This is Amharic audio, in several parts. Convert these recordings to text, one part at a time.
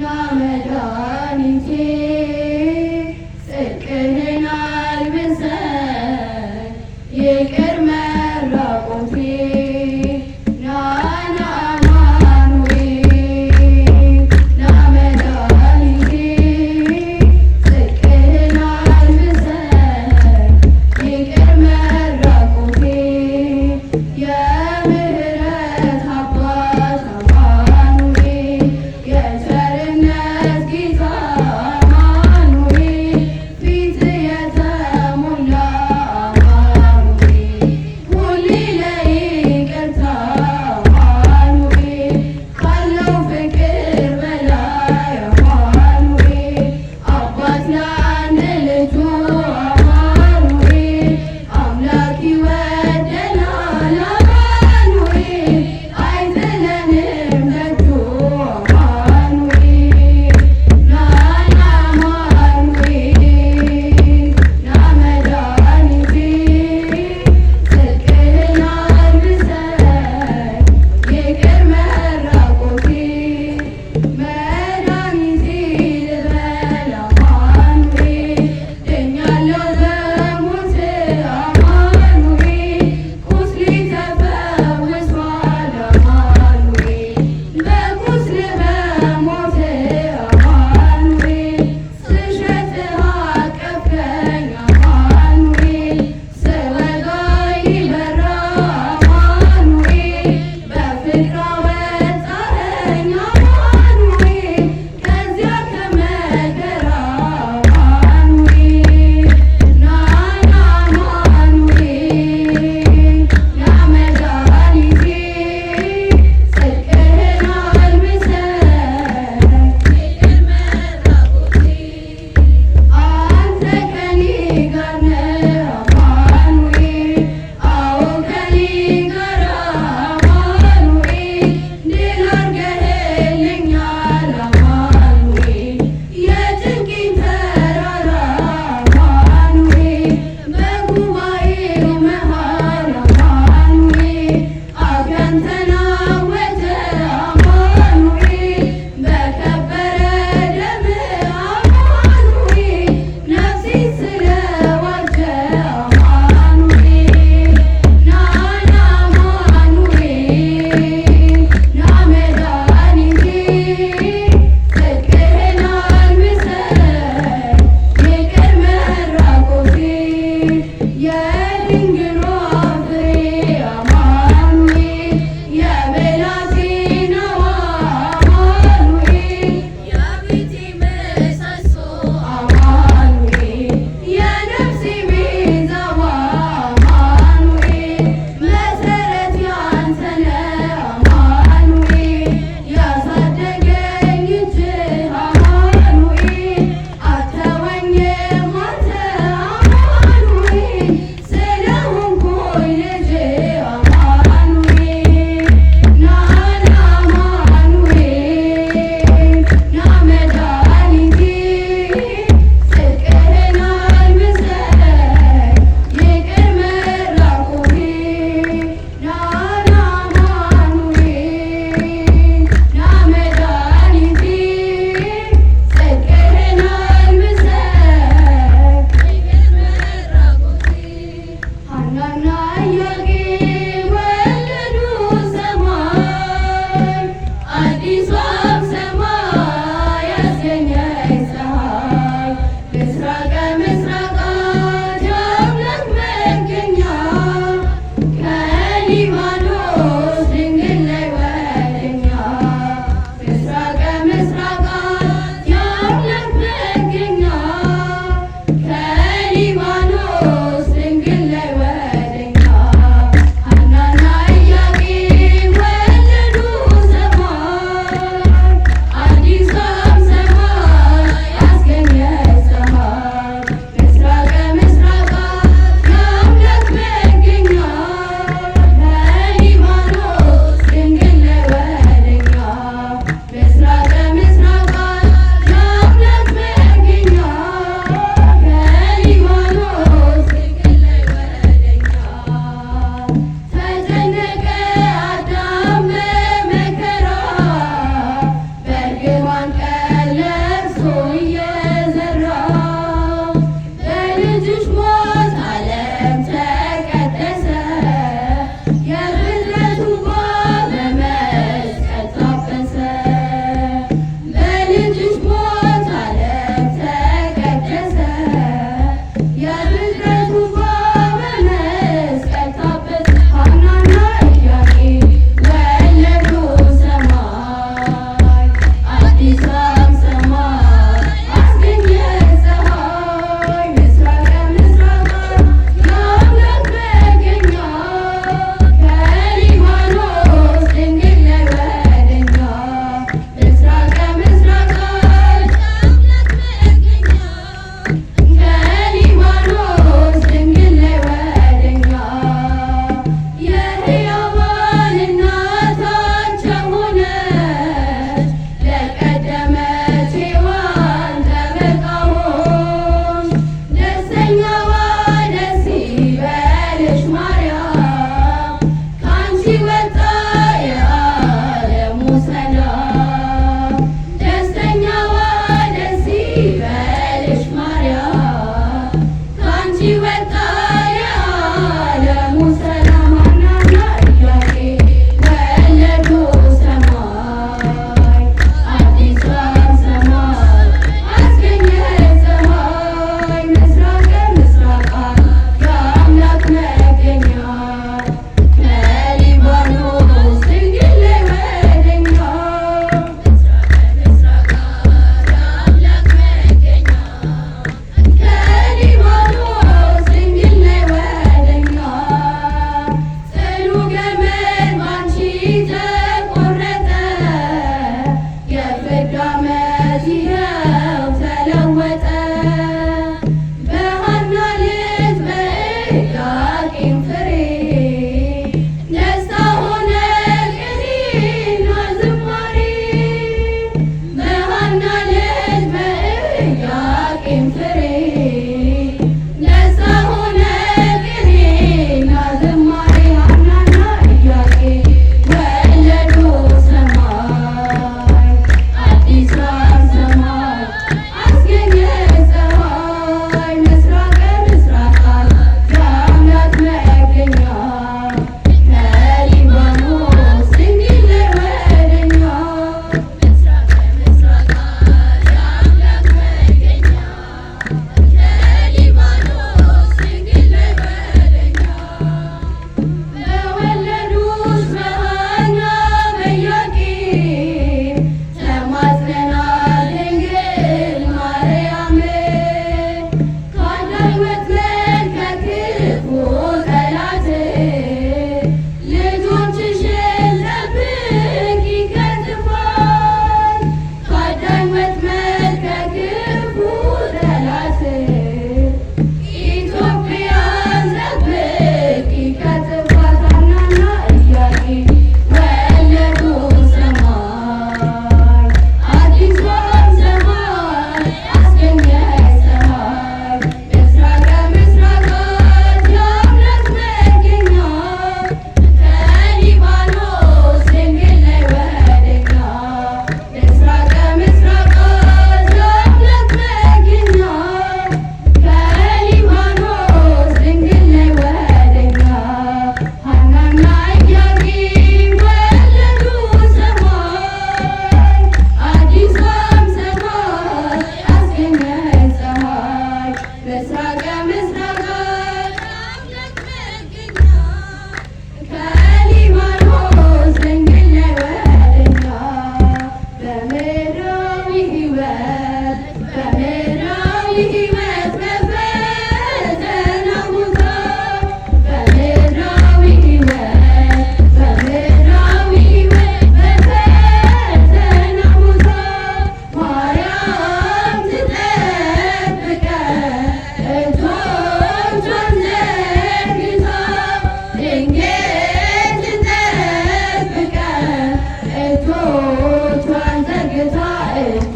Namo Dani Gracias.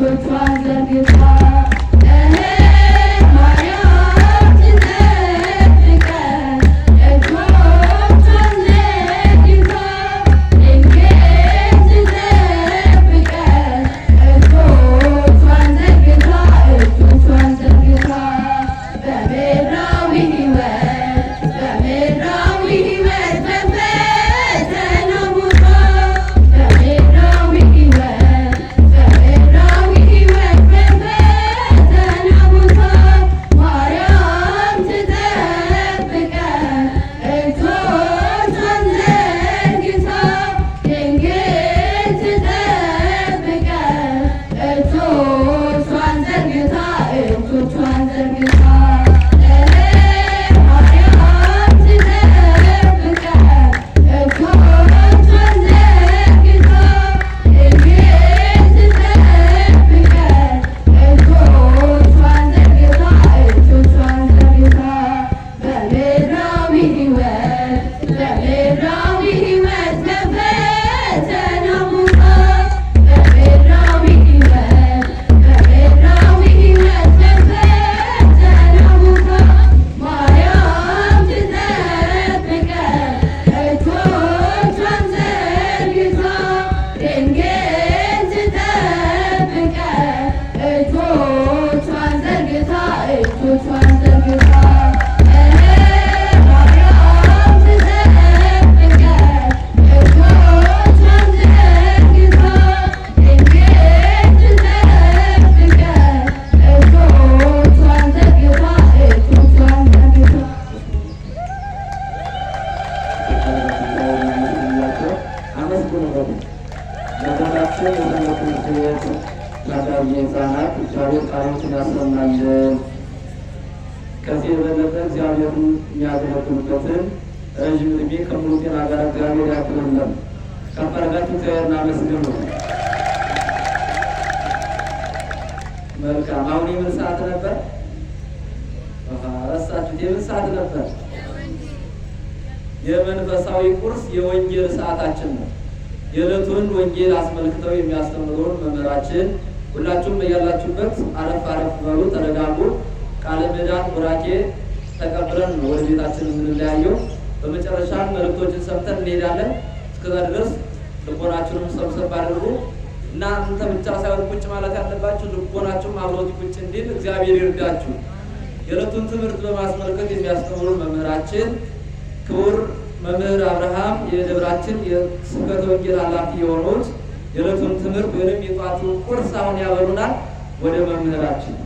Good times and ጸሎት ያሰማልን። ከዚህ የበለጠ እግዚአብሔርን የሚያገለግሉበትን ረዥም ዕድሜ ከሙሉ ጤና ጋር እግዚአብሔር ያክልልን። ከፍ አድርጋችሁ እግዚአብሔርን መልካም። አሁን የምን ሰዓት ነበር? ረሳችሁት። የምን ሰዓት ነበር? የመንፈሳዊ ቁርስ የወንጌል ሰዓታችን ነው። የዕለቱን ወንጌል አስመልክተው የሚያስተምሩን መምህራችን ሁላችሁም በያላችሁበት አረፍ አረፍ በሉ፣ ተረጋጉ። ቃለ ምዕዳን ቡራኬ ተቀብለን ነው ወደ ቤታችን የምንለያየው። በመጨረሻ መልእክቶችን ሰምተን እንሄዳለን። እስከዛ ድረስ ልቦናችሁንም ሰብሰብ አድርጉ። እናንተ ብቻ ሳይሆን ቁጭ ማለት ያለባችሁ ልቦናችሁም አብሮት ቁጭ እንዲል እግዚአብሔር ይርዳችሁ። የዕለቱን ትምህርት በማስመልከት የሚያስተምሩ መምህራችን ክቡር መምህር አብርሃም የደብራችን የስብከተ ወንጌል ኃላፊ የሆኑት የዕለቱን ትምህርት ወይም የጧቱን ቁርስ አሁን ያበሉናል። ወደ መምህራችን